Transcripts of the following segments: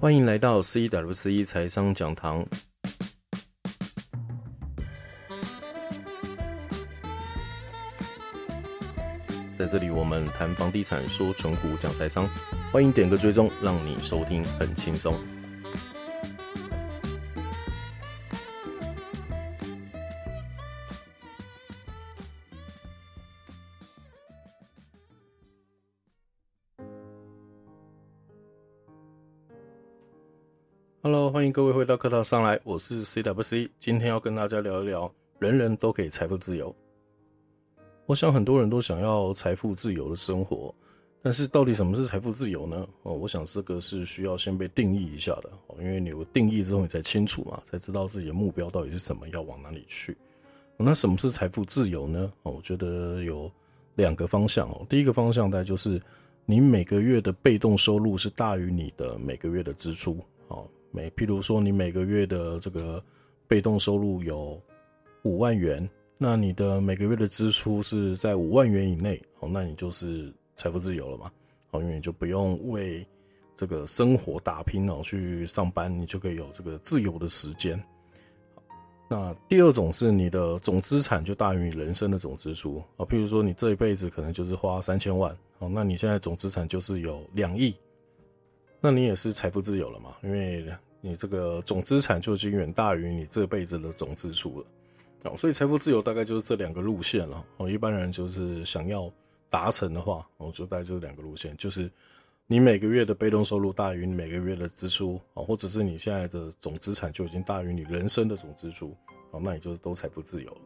歡迎來到 CWC 財商講堂，在這裡我們談房地產，說存股，講財商。歡迎點個追蹤，讓你收聽很輕鬆。Hello，歡迎各位回到課堂上來，我是 CWC，今天要跟大家聊一聊人人都可以財富自由。我想很多人都想要財富自由的生活，但是到底什麼是財富自由呢？哦，我想這個是需要先被定義一下的哦，因為你有定義之後，你才清楚嘛，才知道自己的目標到底是什麼，要往哪裡去。哦，那什麼是財富自由呢？哦，我覺得有兩個方向哦，第一個方向大概就是你每個月的被動收入是大於你的每個月的支出，哦。每譬如說，你每個月的這個被動收入有五萬元，那你的每個月的支出是在五萬元以內，哦，那你就是財富自由了嘛，哦，因為你就不用為這個生活打拼然後，去上班，你就可以有這個自由的時間。那第二種是你的總資產就大於你人生的總支出啊，譬如說你這一輩子可能就是花三千萬，哦，那你現在總資產就是有兩億，那你也是財富自由了嘛，因為。你這個總資產就已經遠大於你這輩子的總支出了，所以財富自由大概就是這兩個路線了。一般人就是想要達成的話，我就帶這兩個路線，就是你每個月的被動收入大於你每個月的支出，或者是你現在的總資產就已經大於你人生的總支出，那你就是都財富自由了。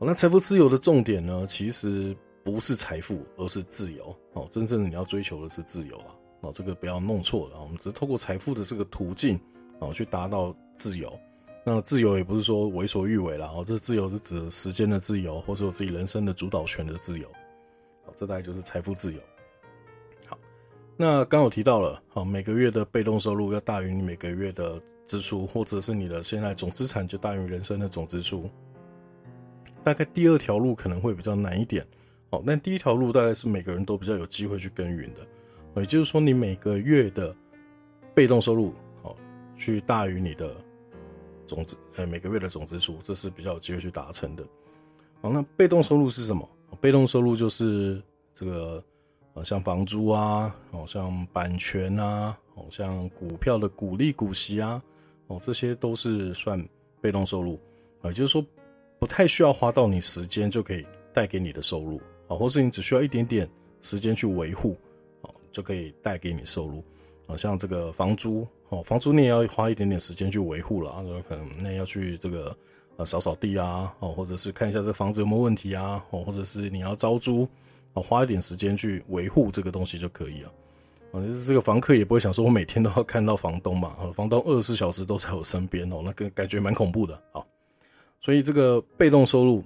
那財富自由的重點呢，其實不是財富，而是自由。哦，真正你要追求的是自由啊哦，這個不要弄錯了。我們只是透過財富的這個途徑，哦，去達到自由。那自由也不是說為所欲為啦。哦，這自由是指時間的自由，或是我自己人生的主導權的自由。這大概就是財富自由。好，那剛有提到了，哦，每個月的被動收入要大於你每個月的支出，或者是你的現在總資產就大於人生的總支出。大概第二條路可能會比較難一點。哦，那第一條路大概是每個人都比較有機會去耕耘的。也就是說，你每個月的被動收入好去大於你的總支，呃，每個月的總支出，這是比較有機會去達成的。好，那被動收入是什麼？被動收入就是這個，呃，像房租啊，哦，像版權啊，哦，像股票的股利、股息啊，哦，這些都是算被動收入。也就是說，不太需要花到你時間就可以帶給你的收入啊，或是你只需要一點點時間去維護。就可以帶給你收入，啊，像這個房租哦，房租你也要花一點點時間去維護了啊，可能那要去這個呃掃掃地啊，哦，或者是看一下這房子有沒有問題啊，哦，或者是你要招租，花一點時間去維護這個東西就可以了，啊，就是這個房客也不會想說我每天都要看到房東嘛，房東二十四小時都在我身邊哦，那感、個、感覺蠻恐怖的啊，所以這個被動收入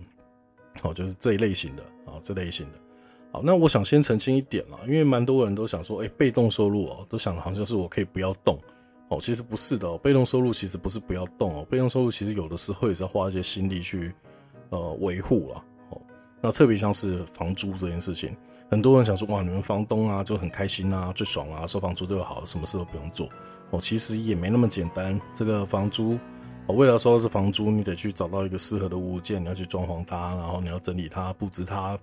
哦，就是這一類型的啊，這類型的。好，那我想先澄清一點了，因為蠻多人都想說，誒、欸、被動收入哦、喔，都想好像是我可以不要動，哦、喔，其實不是的、喔，被動收入其實不是不要動哦、喔，被動收入其實有的時候也是要花一些心力去，呃，維護了，哦、喔，那特別像是房租這件事情，很多人想說，哇，你們房東啊，就很開心啊，最爽啊，收房租最好了，什麼事都不用做，哦、喔，其實也沒那麼簡單，這個房租，哦、喔，為了收到這房租，你得去找到一個適合的物件，你要去裝潢它，然後你要整理它，布置它。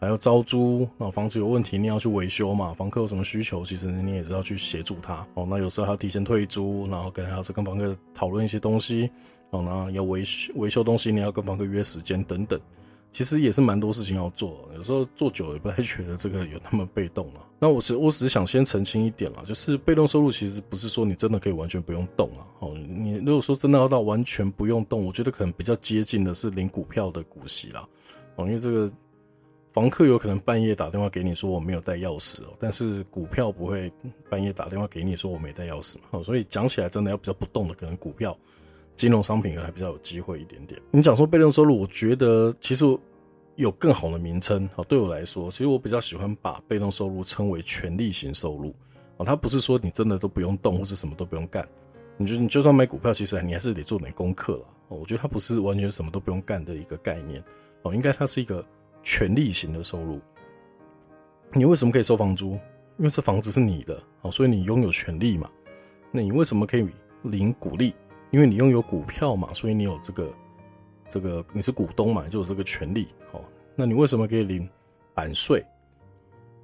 還要招租，那房子有問題，你要去維修嘛？房客有什麼需求，其實你也是要去協助他哦。那有時候還要提前退租，然後跟他要是跟房客討論一些東西，哦，那要維修維修東西，你要跟房客約時間等等，其實也是蠻多事情要做。有時候做久了也不太覺得這個有那麼被動了。那我只我只是想先澄清一點啊，就是被動收入其實不是說你真的可以完全不用動啊。哦，你如果說真的要到完全不用動，我覺得可能比較接近的是領股票的股息啦。哦，因為這個。房客有可能半夜打電話給你說，我沒有帶鑰匙哦，但是股票不會半夜打電話給你說我沒帶鑰匙嘛？哦，所以講起來真的要比較不動的，可能股票、金融商品，可能還比較有機會一點點。你講說被動收入，我覺得其實有更好的名稱哦。對我來說，其實我比較喜歡把被動收入稱為權利型收入，哦。它不是說你真的都不用動或是什麼都不用幹，你就你就算買股票，其實你還是得做點功課了哦。我覺得它不是完全什麼都不用幹的一個概念哦，應該它是一個。權利型的收入，你為什麼可以收房租？因為這房子是你的，所以你擁有權利嘛。那你為什麼可以領股利？因為你擁有股票嘛，所以你有這個這個你是股東嘛，就有這個權利。那你為什麼可以領版稅？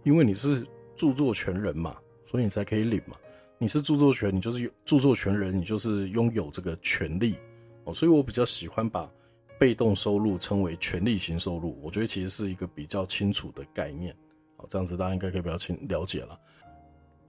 因為你是著作權人嘛，所以你才可以領嘛。你是著作權，你就是有著作權人，你就是擁有這個權利。哦，所以我比較喜歡把。被動收入稱為權利型收入，我覺得其實是一個比較清楚的概念。好，這樣子大家應該可以比較清了解了、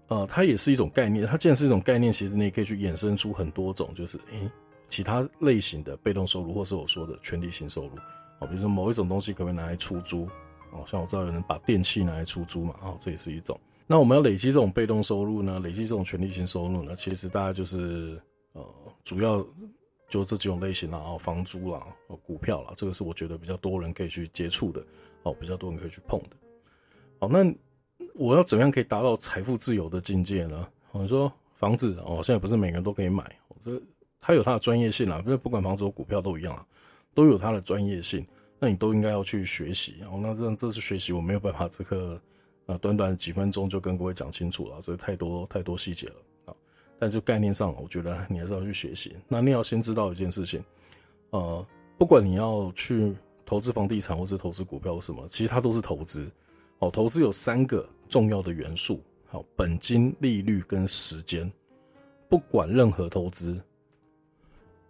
呃。它也是一種概念。它既然是一種概念，其實你也可以去衍生出很多種，就是誒、欸、其他類型的被動收入，或是我說的權利型收入。好，比如說某一種東西可不可以拿來出租。哦，像我知道有人把電器拿來出租嘛，啊，這也是一種。那我們要累積這種被動收入呢？累積這種權利型收入呢？其實大家就是呃主要。就這幾種類型啦，啊，房租啦、啊，股票啦、啊，這個是我覺得比較多人可以去接觸的，哦，比較多人可以去碰的。好，那我要怎麼樣可以達到財富自由的境界呢？哦，你說房子哦，現在不是每個人都可以買，這它有它的專業性啦、啊，因為不管房子或股票都一樣啊，都有它的專業性，那你都應該要去學習。哦，那這這次學習我沒有辦法這個啊，短短幾分鐘就跟各位講清楚了，這太多太多細節了。但是概念上，我覺得你還是要去學習。那你要先知道一件事情，呃，不管你要去投資房地產，或者投資股票，或什麼，其實它都是投資。好，投資有三個重要的元素：好，本金、利率跟時間。不管任何投資，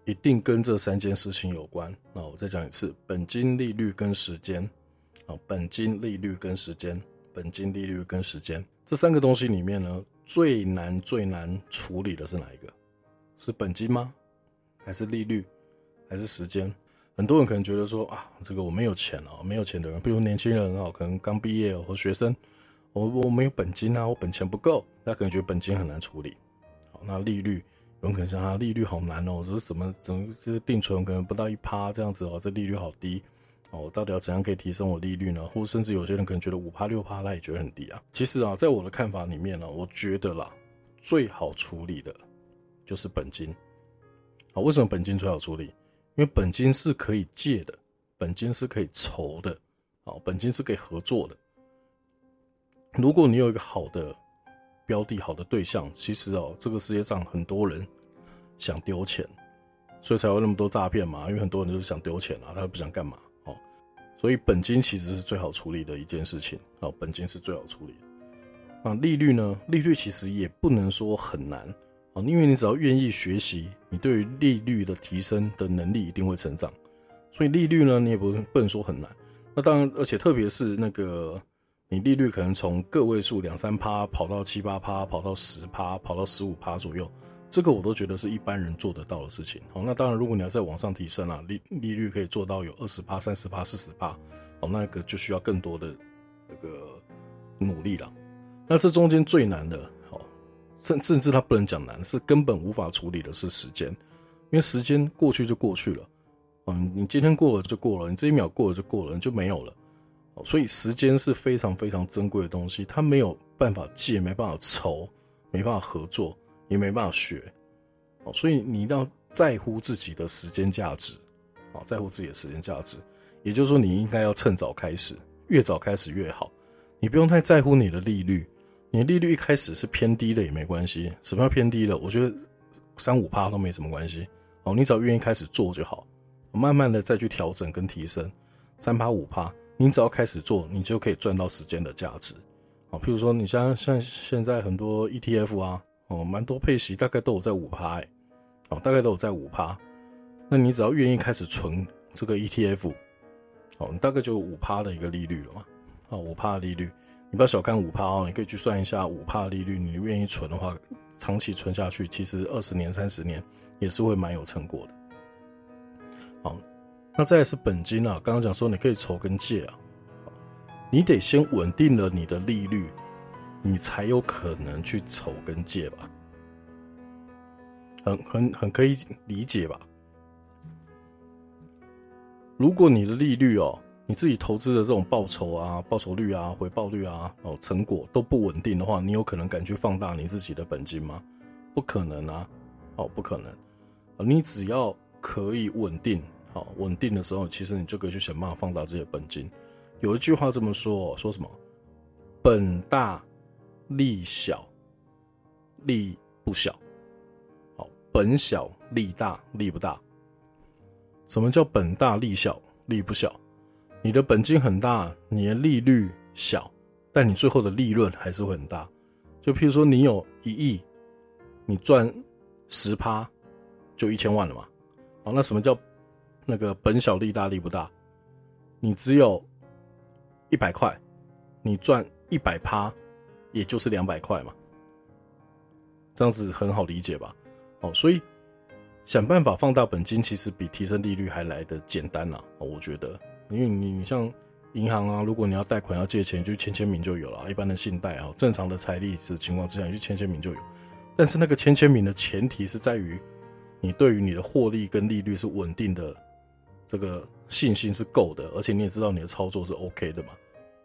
一定跟這三件事情有關。那我再講一次：本金、利率跟時間。啊，本金、利率跟時間，本金、利率跟時間。這三個東西裡面呢，最難最難處理的是哪一個？是本金嗎？還是利率？還是時間？很多人可能覺得說啊，這個我沒有錢啊、哦。沒有錢的人，比如年輕人啊、哦，可能剛畢業或、哦、學生，我我沒有本金啊，我本錢不夠，那可能覺得本金很難處理。好，那利率，有人可能想啊，利率好難哦，怎麼怎麼是定存可能不到一趴這樣子哦，這利率好低。哦，到底要怎樣可以提升我利率呢？或者甚至有些人可能覺得五趴六趴他也覺得很低啊。其實啊，在我的看法裡面呢、啊，我覺得啦，最好處理的就是本金。好，為什麼本金最好處理？因為本金是可以借的，本金是可以籌的，好，本金是可以合作的。如果你有一個好的標的、好的對象，其實哦、喔，這個世界上很多人想丟錢，所以才會那麼多詐騙嘛。因為很多人就是想丟錢啊，他又不想幹嘛。所以本金其實是最好處理的一件事情啊，本金是最好處理的。那利率呢？利率其實也不能說很難啊，因為你只要願意學習，你對於利率的提升的能力一定會成長。所以利率呢，你也不不能說很難。那當然，而且特別是那個，你利率可能從個位數兩三趴跑到七八趴，跑到十趴，跑到十五趴左右。這個我都覺得是一般人做得到的事情。好，那當然，如果你要再往上提升啊，利利率可以做到有二十趴、三十趴、四十趴，哦，那個就需要更多的那個努力了。那這中間最難的，好，甚甚至它不能講難，是根本無法處理的是時間，因為時間過去就過去了。嗯，你今天過了就過了，你這一秒過了就過了，你就沒有了。哦，所以時間是非常非常珍貴的東西，它沒有辦法借，沒辦法籌，沒辦法，沒辦法合作。也沒辦法學，哦，所以你要在乎自己的時間價值，在乎自己的時間價值，也就是說，你應該要趁早開始，越早開始越好。你不用太在乎你的利率，你的利率一開始是偏低的也沒關係，什麼叫偏低的，我覺得三五趴都沒什麼關係，哦，你只要願意開始做就好，慢慢的再去調整跟提升，三趴五趴，你只要開始做，你就可以賺到時間的價值，譬如說你像像現在很多 ETF 啊。哦，蠻多配息，大概都有在五趴，哦、欸，大概都有在五趴。那你只要願意開始存這個 ETF，哦，你大概就五趴的一個利率了嘛，啊，五趴利率，你不要小看五趴哦，你可以去算一下五趴利率，你願意存的話，長期存下去，其實二十年、三十年也是會蠻有成果的。好，那再來是本金啊，剛剛講說你可以籌跟借啊，你得先穩定了你的利率，你才有可能去籌跟借吧，很很很可以理解吧？如果你的利率哦、喔，你自己投資的這種報酬啊、報酬率啊、回報率啊哦，成果都不穩定的話，你有可能敢去放大你自己的本金嗎？不可能啊！哦，不可能。你只要可以穩定，好穩定的時候，其實你就可以去想辦法放大這些本金。有一句話這麼說，說什麼？本大。利小，利不小；好，本小利大，利不大。什麼叫本大利小，利不小？你的本金很大，你的利率小，但你最後的利潤還是會很大。就譬如說，你有一億，你賺十趴，就一千萬了嘛。哦，那什麼叫那個本小利大，利不大？你只有，一百塊，你賺一百趴。也就是兩百塊嘛，這樣子很好理解吧？哦，所以想辦法放大本金，其實比提升利率還來得簡單吶、啊。我覺得，因為你你像銀行啊，如果你要貸款要借錢，就簽簽名就有了。一般的信貸啊，正常的財力的情況之下，就簽簽名就有。但是那個簽簽名的前提是在於，你對於你的獲利跟利率是穩定的，這個信心是夠的，而且你也知道你的操作是 OK 的嘛。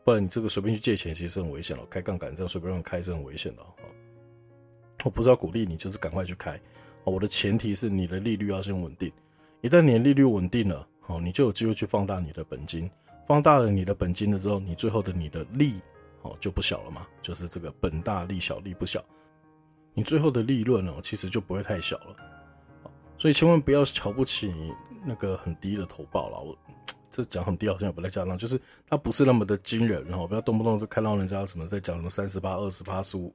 不然你這個隨便去借錢，其實很危險了哦。開槓桿這樣隨便讓你開是很危險的哦。我不是要鼓勵你，就是趕快去開。我的前提是你的利率要先穩定。一旦你的利率穩定了，你就有機會去放大你的本金。放大了你的本金了之後，你最後的你的利，就不小了嘛。就是這個本大利小，利不小。你最後的利潤呢，其實就不會太小了。所以千萬不要瞧不起那個很低的投報了。這講很低，好像也不太恰當，就是它不是那麼的驚人，吼，不要動不動就看到人家什麼在講什麼三十趴、二十趴、十五、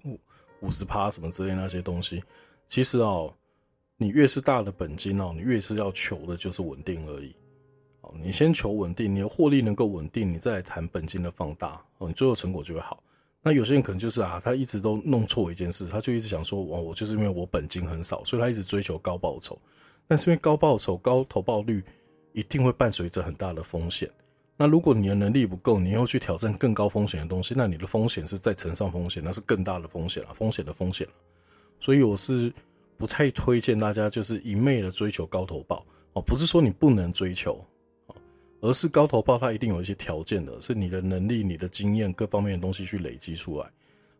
五十趴什麼之類的那些東西。其實哦，你越是大的本金哦，你越是要求的就是穩定而已。哦，你先求穩定，你的獲利能夠穩定，你再來談本金的放大，哦，你最後成果就會好。那有些人可能就是啊，他一直都弄錯一件事，他就一直想說，哦，我就是因為我本金很少，所以他一直追求高報酬，但是因為高報酬、高投報率。一定會伴隨着很大的風險。那如果你的能力不夠，你又去挑戰更高風險的東西，那你的風險是再乘上風險，那是更大的風險了，風險的風險。所以我是不太推薦大家就是一昧的追求高投報哦，不是說你不能追求，哦，而是高投報它一定有一些條件的，是你的能力、你的經驗各方面的東西去累積出來。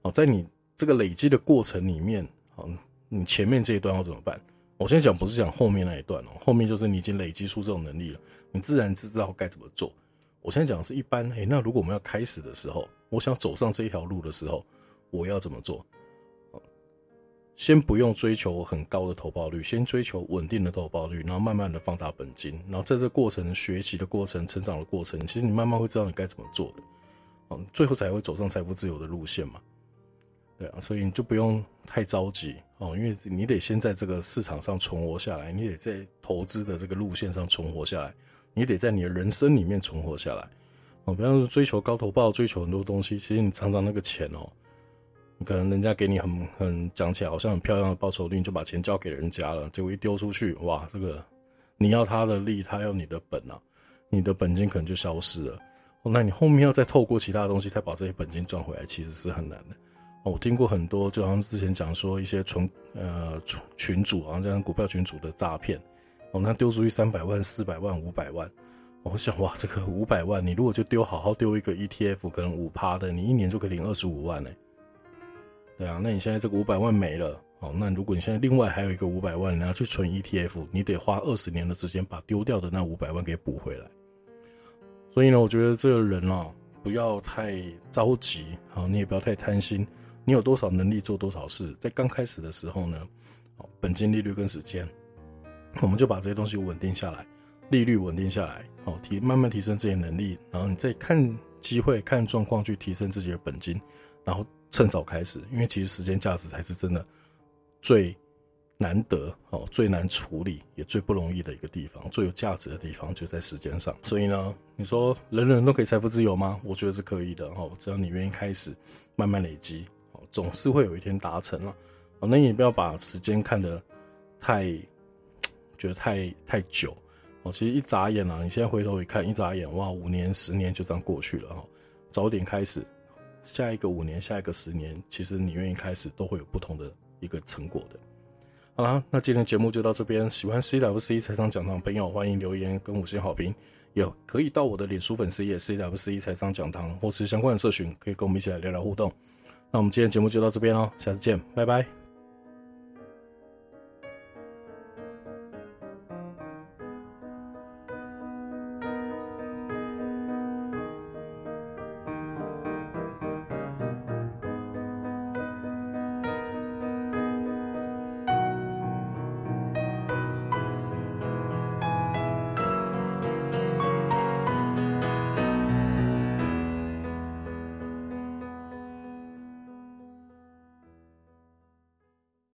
哦，在你這個累積的過程裡面，啊，哦，你前面這一段要怎麼辦？我先講不是講後面那一段哦，後面就是你已經累積出這種能力了，你自然知道該怎麼做。我現在講的是一般，誒、欸，那如果我們要開始的時候，我想走上這一條路的時候，我要怎麼做？先不用追求很高的投報率，先追求穩定的投報率，然後慢慢的放大本金，然後在這過程學習的過程、成長的過程，其實你慢慢會知道你該怎麼做的，最後才會走上財富自由的路線嘛。對啊，所以你就不用太着急哦，因為你得先在這個市場上存活下來，你得在投資的這個路線上存活下來，你得在你的人生裡面存活下來哦。比方說，追求高投報、追求很多東西，其實你常常那個錢哦，可能人家給你很很講起來好像很漂亮的報酬率，你就把錢交給人家了，結果一丟出去，哇，這個你要他的利，他要你的本啊，你的本金可能就消失了。哦，那你後面要再透過其他的東西再把這些本金賺回來，其實是很難的。哦，我聽過很多，就好像之前講說一些存呃群群主啊，這樣股票群主的詐騙哦，那丟出去三百萬、四百萬、五百萬，哦，我想哇，這個五百萬你如果就丟，好好丟一個 ETF，可能五趴的，你一年就可以領二十五萬呢。對啊，那你現在這個五百萬沒了哦，那如果你現在另外還有一個五百萬，你要去存 ETF，你得花二十年的時間把丟掉的那五百萬給補回來。所以呢，我覺得這個人哦，不要太着急，好，哦，你也不要太貪心。你有多少能力做多少事，在剛開始的時候呢？好，本金、利率跟時間，我們就把這些東西穩定下來，利率穩定下來，好提慢慢提升自己的能力，然後你再看機會、看狀況去提升自己的本金，然後趁早開始，因為其實時間價值才是真的最難得哦，最難處理也最不容易的一個地方，最有價值的地方就在時間上。所以呢，你說人人都可以財富自由嗎？我覺得是可以的哦，只要你願意開始，慢慢累積。總是會有一天達成了，啊、那你也不要把時間看得太覺得太太久哦。其實一眨眼啊，你現在回頭一看，一眨眼哇，五年、十年，就這樣過去了哈、喔。早點開始，下一個五年，下一個十年，其實你願意開始，都會有不同的一個成果的。好啦，那今天節目就到這邊。喜歡 CWC 財商講堂的朋友，歡迎留言跟五星好評有，也可以到我的臉書粉絲頁 CWC 財商講堂，或是相關的社群，可以跟我們一起來聊聊互動。那我們今天節目就到這邊喔，下次見，拜拜。